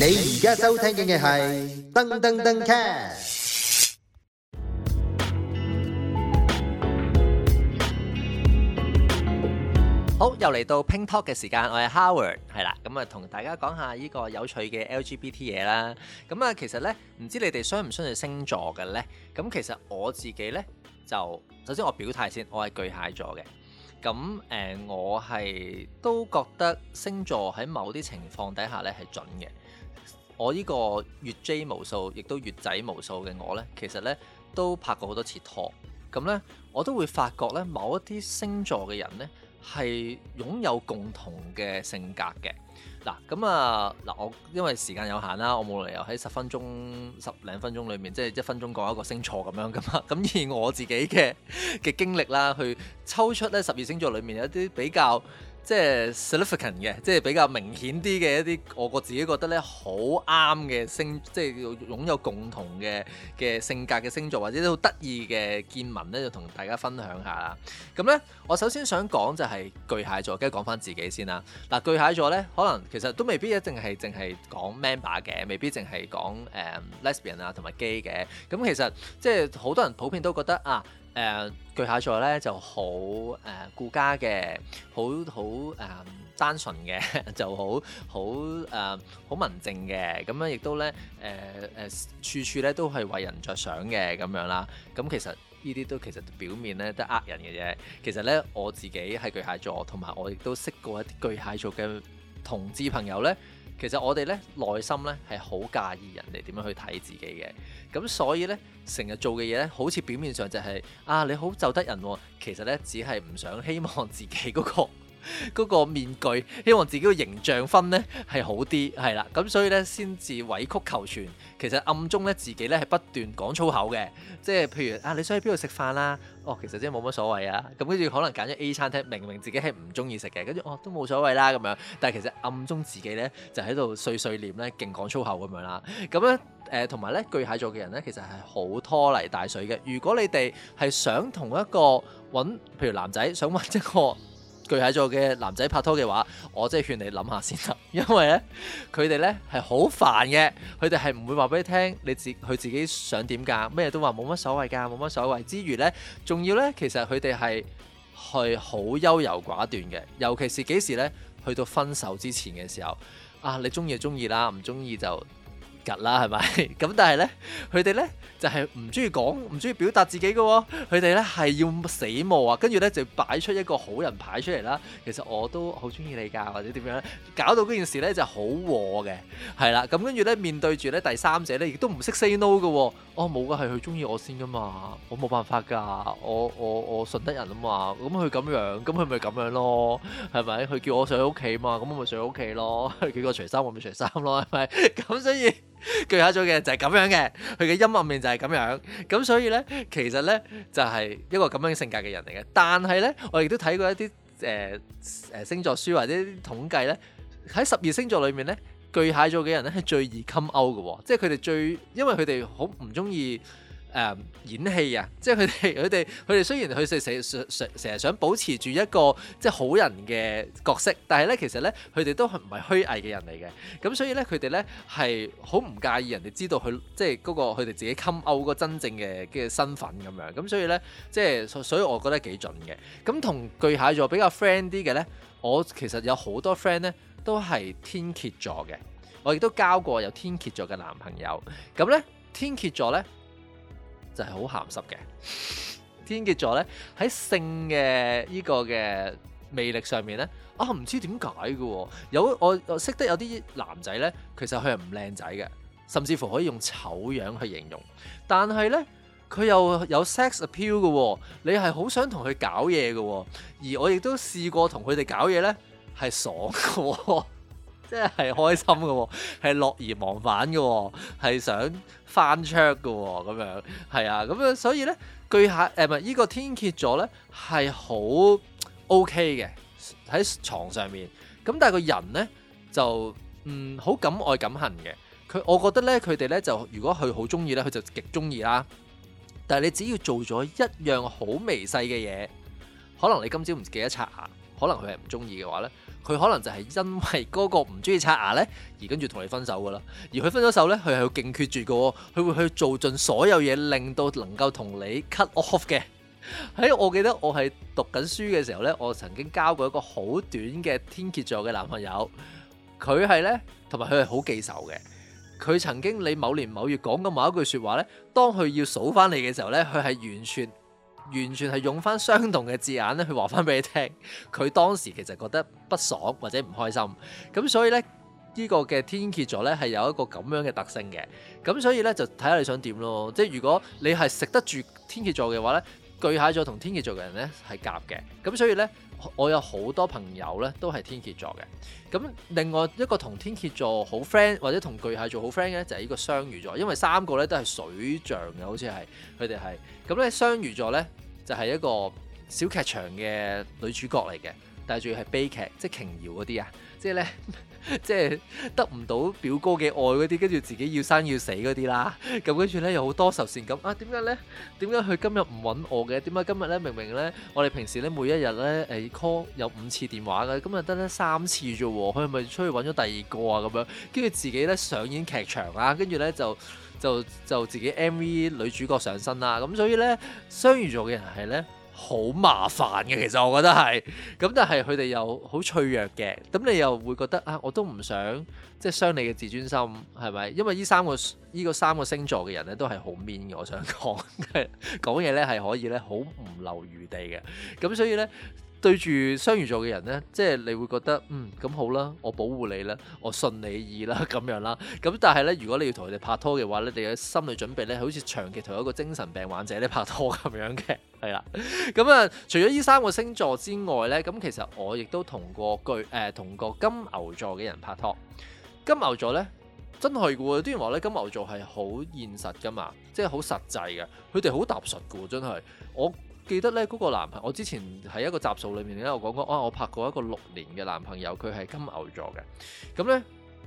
你而家收聽緊嘅係噔噔噔 cast，好又嚟到 Pink Talk 嘅時間，我係 Howard 係啦，咁啊同大家講下呢個有趣嘅 LGBT 嘢啦。咁啊，其實咧唔知你哋相唔相信星座嘅咧？咁其實我自己咧就首先我表態先，我係巨蟹座嘅。咁誒，我係都覺得星座喺某啲情況底下咧係準嘅。我呢個越 J 無數，亦都越仔無數嘅我呢，其實呢都拍過好多次拖，咁呢，我都會發覺呢某一啲星座嘅人呢係擁有共同嘅性格嘅。嗱，咁啊，嗱、啊，我因為時間有限啦，我冇理由喺十分鐘十零分鐘裏面，即係一分鐘講一個星座咁樣噶嘛。咁以我自己嘅嘅經歷啦，去抽出呢十二星座裏面有一啲比較，即係 significant 嘅，即係比較明顯啲嘅一啲，我覺得自己覺得咧好啱嘅星，即係、就是、擁有共同嘅嘅性格嘅星座，或者都好得意嘅見聞咧，就同大家分享下啦。咁咧，我首先想講就係巨蟹座，梗係講翻自己先啦。嗱，巨蟹座咧，可能其實都未必一定係淨係講 member 嘅，未必淨係講誒 lesbian 啊同埋 gay 嘅。咁其實即係好多人普遍都覺得啊。誒、呃、巨蟹座咧就好誒顧家嘅，好好誒單純嘅，就好好誒好文靜嘅，咁樣亦都咧誒誒處處咧都係為人着想嘅咁樣啦。咁、嗯、其實呢啲都其實表面咧都係呃人嘅啫。其實咧我自己係巨蟹座，同埋我亦都識過一啲巨蟹座嘅同志朋友咧。其實我哋咧內心咧係好介意人哋點樣去睇自己嘅，咁所以咧成日做嘅嘢咧好似表面上就係、係、啊你好就得人喎，其實咧只係唔想希望自己嗰、嗰個。嗰個面具希望自己個形象分呢係好啲係啦，咁所以呢，先至委曲求全。其實暗中呢，自己呢係不斷講粗口嘅，即係譬如啊，你想去邊度食飯啦、啊？哦，其實真係冇乜所謂啊。咁跟住可能揀咗 A 餐廳，明明自己係唔中意食嘅，跟住哦都冇所謂啦咁樣。但係其實暗中自己呢，就喺度碎碎念呢，勁講粗口咁樣啦。咁咧誒，同、呃、埋呢，巨蟹座嘅人呢，其實係好拖泥帶水嘅。如果你哋係想同一個揾，譬如男仔想揾一個。巨蟹座嘅男仔拍拖嘅話，我真係勸你諗下先啦，因為呢，佢哋呢係好煩嘅，佢哋係唔會話俾你聽，你自佢自己想點㗎，咩都話冇乜所謂㗎，冇乜所謂之餘呢，仲要呢，其實佢哋係係好優柔寡斷嘅，尤其是幾時呢，去到分手之前嘅時候，啊，你中意就中意啦，唔中意就。啦，係咪？ 咁但係咧，佢哋咧就係唔中意講，唔中意表達自己噶、哦。佢哋咧係要死磨啊，跟住咧就擺出一個好人牌出嚟啦。其實我都好中意你噶，或者點樣呢？搞到嗰件事咧就好和嘅，係啦。咁跟住咧面對住咧第三者咧，亦都唔識 say no 噶。哦，冇噶、哦，係佢中意我先噶嘛，我冇辦法噶。我我我順德人啊嘛，咁佢咁樣，咁佢咪咁樣咯，係咪？佢叫我上佢屋企嘛，咁我咪上佢屋企咯。佢叫我除衫，我咪除衫咯，係咪？咁所以。巨蟹座嘅就係咁樣嘅，佢嘅陰暗面就係咁樣，咁所以呢，其實呢，就係一個咁樣性格嘅人嚟嘅。但係呢，我亦都睇過一啲誒誒星座書或者啲統計呢，喺十二星座裏面呢，巨蟹座嘅人呢係最易襟歐嘅，即係佢哋最因為佢哋好唔中意。誒、um, 演戲啊！即係佢哋，佢哋，佢哋雖然佢成成日想保持住一個即係好人嘅角色，但係咧，其實咧，佢哋都係唔係虛偽嘅人嚟嘅。咁所以咧，佢哋咧係好唔介意人哋知道佢即係嗰、嗰個佢哋自己 come out 個真正嘅嘅身份咁樣。咁所以咧，即係所以，我覺得幾準嘅。咁同巨蟹座比較 friend 啲嘅咧，我其實有好多 friend 咧都係天蠍座嘅，我亦都交過有天蠍座嘅男朋友。咁咧，天蠍座咧。就係好鹹濕嘅天蠍座咧，喺性嘅呢個嘅魅力上面咧，啊唔知點解嘅有我，我識得有啲男仔咧，其實佢係唔靚仔嘅，甚至乎可以用醜樣去形容，但係咧佢又有 sex appeal 嘅，你係好想同佢搞嘢嘅，而我亦都試過同佢哋搞嘢咧，係爽嘅。 即係開心嘅喎、啊，係樂而忘返嘅喎、啊，係想翻桌嘅喎，咁樣係啊，咁啊，所以呢，巨蟹誒唔係呢個天蠍座呢，係好 OK 嘅喺床上面，咁但係個人呢，就嗯好敢愛敢恨嘅佢，我覺得呢，佢哋呢，就如果佢好中意呢，佢就極中意啦。但係你只要做咗一樣好微細嘅嘢，可能你今朝唔記得擦牙，可能佢係唔中意嘅話呢。佢可能就係因為嗰個唔中意刷牙呢，而跟住同你分手噶啦。而佢分咗手呢，佢係勁決絕噶喎，佢會去做盡所有嘢，令到能夠同你 cut off 嘅。喺、哎、我記得我係讀緊書嘅時候呢，我曾經交過一個好短嘅天蠍座嘅男朋友，佢係呢，同埋佢係好記仇嘅。佢曾經你某年某月講過某一句説話呢，當佢要數翻你嘅時候呢，佢係完全。完全係用翻相同嘅字眼咧，去話翻俾你聽，佢當時其實覺得不爽或者唔開心，咁所以呢，呢個嘅天蠍座呢係有一個咁樣嘅特性嘅，咁所以呢，就睇下你想點咯，即係如果你係食得住天蠍座嘅話呢，巨蟹座同天蠍座嘅人呢係夾嘅，咁所以呢。我有好多朋友咧，都係天蠍座嘅。咁另外一個同天蠍座好 friend，或者同巨蟹座好 friend 嘅咧，就係呢個雙魚座。因為三個咧都係水象嘅，好似係佢哋係。咁咧雙魚座咧就係一個小劇場嘅女主角嚟嘅，但係仲要係悲劇，即係瓊瑤嗰啲啊，即係咧。即係得唔到表哥嘅愛嗰啲，跟住自己要生要死嗰啲啦。咁跟住咧又好多愁善感。啊，點解咧？點解佢今日唔揾我嘅？點解今日咧明明咧，我哋平時咧每一日咧誒 call 有五次電話嘅，今日得咗三次啫喎。佢係咪出去揾咗第二個啊？咁樣跟住自己咧上演劇場啊，跟住咧就就就自己 MV 女主角上身啦、啊。咁所以咧雙魚座嘅人係咧。好麻煩嘅，其實我覺得係，咁但係佢哋又好脆弱嘅，咁你又會覺得啊，我都唔想即係傷你嘅自尊心，係咪？因為呢三個呢個三個星座嘅人咧，都係好 mean 嘅，我想講，講嘢咧係可以咧好唔留餘地嘅，咁所以呢。對住雙魚座嘅人呢，即係你會覺得嗯咁好啦，我保護你啦，我順你意啦咁樣啦。咁但係呢，如果你要同佢哋拍拖嘅話，你哋嘅心理準備呢，好似長期同一個精神病患者咧拍拖咁樣嘅，係啦。咁 啊、嗯，除咗呢三個星座之外呢，咁其實我亦都同過巨誒，同、呃、過金牛座嘅人拍拖。金牛座呢，真係嘅喎，雖然話咧金牛座係好現實嘅嘛，即係好實際嘅，佢哋好踏實嘅，真係我。記得呢嗰個男朋友，我之前喺一個集數裏面呢，我講過，啊我拍過一個六年嘅男朋友，佢係金牛座嘅，咁呢，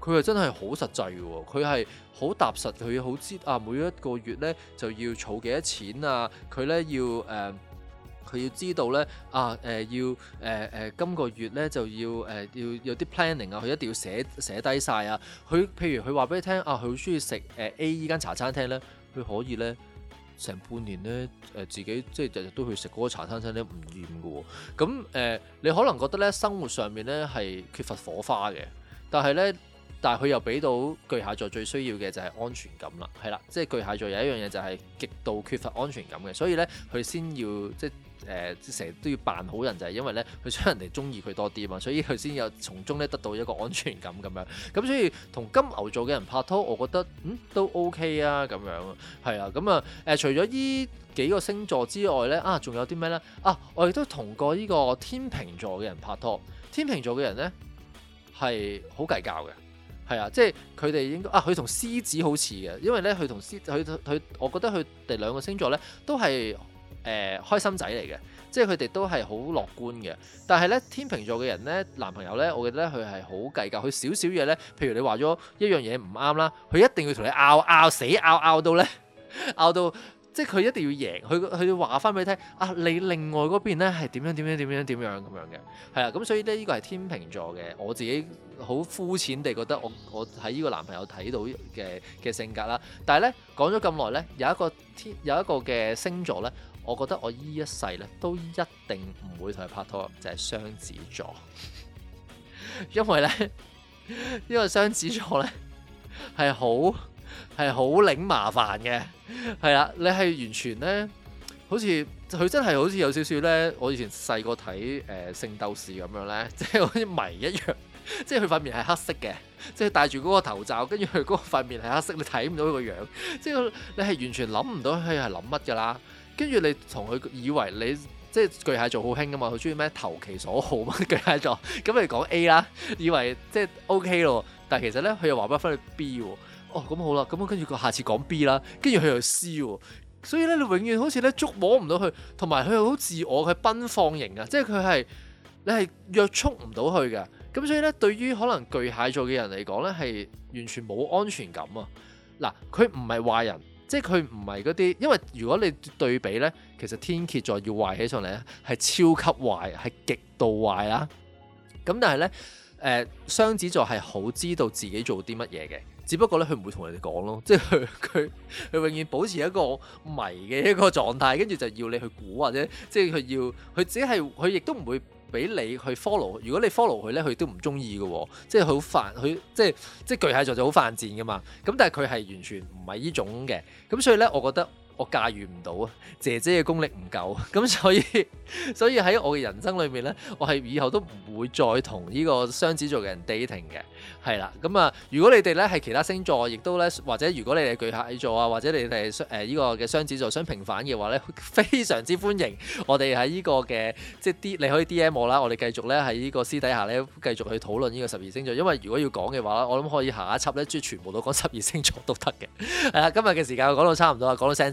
佢又真係好實際嘅，佢係好踏實，佢好知啊每一個月呢就要儲幾多錢啊，佢呢要誒，佢、呃、要知道呢，啊誒要誒誒今個月呢就要誒、呃、要有啲 planning 啊，佢一定要寫寫低晒啊，佢譬如佢話俾你聽啊，佢好中意食誒 A 依、e、間茶餐廳呢，佢可以呢。成半年咧，誒、呃、自己即係日日都去食嗰個茶餐廳咧，唔厭㗎喎。咁、嗯、誒、呃，你可能覺得咧，生活上面咧係缺乏火花嘅，但係咧。但係佢又俾到巨蟹座最需要嘅就係安全感啦，係啦，即係巨蟹座有一樣嘢就係極度缺乏安全感嘅，所以咧佢先要即係誒成日都要扮好人，就係因為咧佢想人哋中意佢多啲啊嘛，所以佢先有從中咧得到一個安全感咁樣。咁所以同金牛座嘅人拍拖，我覺得嗯都 OK 啊咁樣，係啊，咁啊誒除咗依幾個星座之外咧，啊仲有啲咩咧？啊我亦都同過呢個天秤座嘅人拍拖，天秤座嘅人咧係好計較嘅。係啊，即係佢哋應該啊，佢同獅子好似嘅，因為咧佢同獅子佢佢，我覺得佢哋兩個星座咧都係誒、呃、開心仔嚟嘅，即係佢哋都係好樂觀嘅。但係咧天秤座嘅人咧男朋友咧，我覺得咧佢係好計較，佢少少嘢咧，譬如你話咗一樣嘢唔啱啦，佢一定要同你拗拗死，拗拗到咧，拗到。即係佢一定要贏，佢佢要話翻俾你聽啊！你另外嗰邊咧係點樣點樣點樣點樣咁樣嘅，係啦。咁所以呢，呢個係天秤座嘅。我自己好膚淺地覺得我，我我喺呢個男朋友睇到嘅嘅性格啦。但係咧講咗咁耐咧，有一個天有一個嘅星座咧，我覺得我依一世咧都一定唔會同佢拍拖，就係雙子座， 因為咧呢個雙子座咧係好係好擰麻煩嘅。係啦，你係完全咧，好似佢真係好似有少少咧，我以前細個睇誒呃、《聖鬥士》咁樣咧，即係好似迷一樣，即係佢塊面係黑色嘅，即係戴住嗰個頭罩，跟住佢嗰個塊面係黑色，你睇唔到佢個樣，即係你係完全諗唔到佢係諗乜噶啦。跟住你同佢以為你即係巨蟹座好興噶嘛，佢中意咩投其所好嘛，巨蟹座。咁你講 A 啦，以為即係 OK 咯，但係其實咧佢又話返去 B。哦，咁好啦，咁跟住佢下次講 B 啦，跟住佢又 C 喎，所以咧你永遠好似咧捉摸唔到佢，同埋佢又好自我，佢奔放型嘅，即係佢係你係約束唔到佢嘅，咁所以咧對於可能巨蟹座嘅人嚟講咧，係完全冇安全感啊！嗱，佢唔係壞人，即係佢唔係嗰啲，因為如果你對比咧，其實天蠍座要壞起上嚟咧，係超級壞，係極度壞啦。咁但係咧，誒、呃、雙子座係好知道自己做啲乜嘢嘅。只不過咧，佢唔會同人哋講咯，即係佢佢佢永遠保持一個謎嘅一個狀態，跟住就要你去估或者，即係佢要佢只係佢亦都唔會俾你去 follow。如果你 follow 佢咧，佢都唔中意嘅喎，即係佢好煩，佢即係即係巨蟹座就好犯賤嘅嘛。咁但係佢係完全唔係呢種嘅，咁所以咧，我覺得。我駕馭唔到啊！姐姐嘅功力唔夠，咁所以所以喺我嘅人生裏面咧，我係以後都唔會再同呢個雙子座嘅人 dating 嘅，係啦。咁啊，如果你哋咧係其他星座，亦都咧或者如果你係巨蟹座啊，或者你哋誒呢個嘅雙子座想平反嘅話咧，非常之歡迎我哋喺呢個嘅即係 D，你可以 DM 我啦。我哋繼續咧喺呢個私底下咧繼續去討論呢個十二星座，因為如果要講嘅話咧，我諗可以下一輯咧將全部都講十二星座都得嘅。係啦，今日嘅時間我講到差唔多啦，講到聲。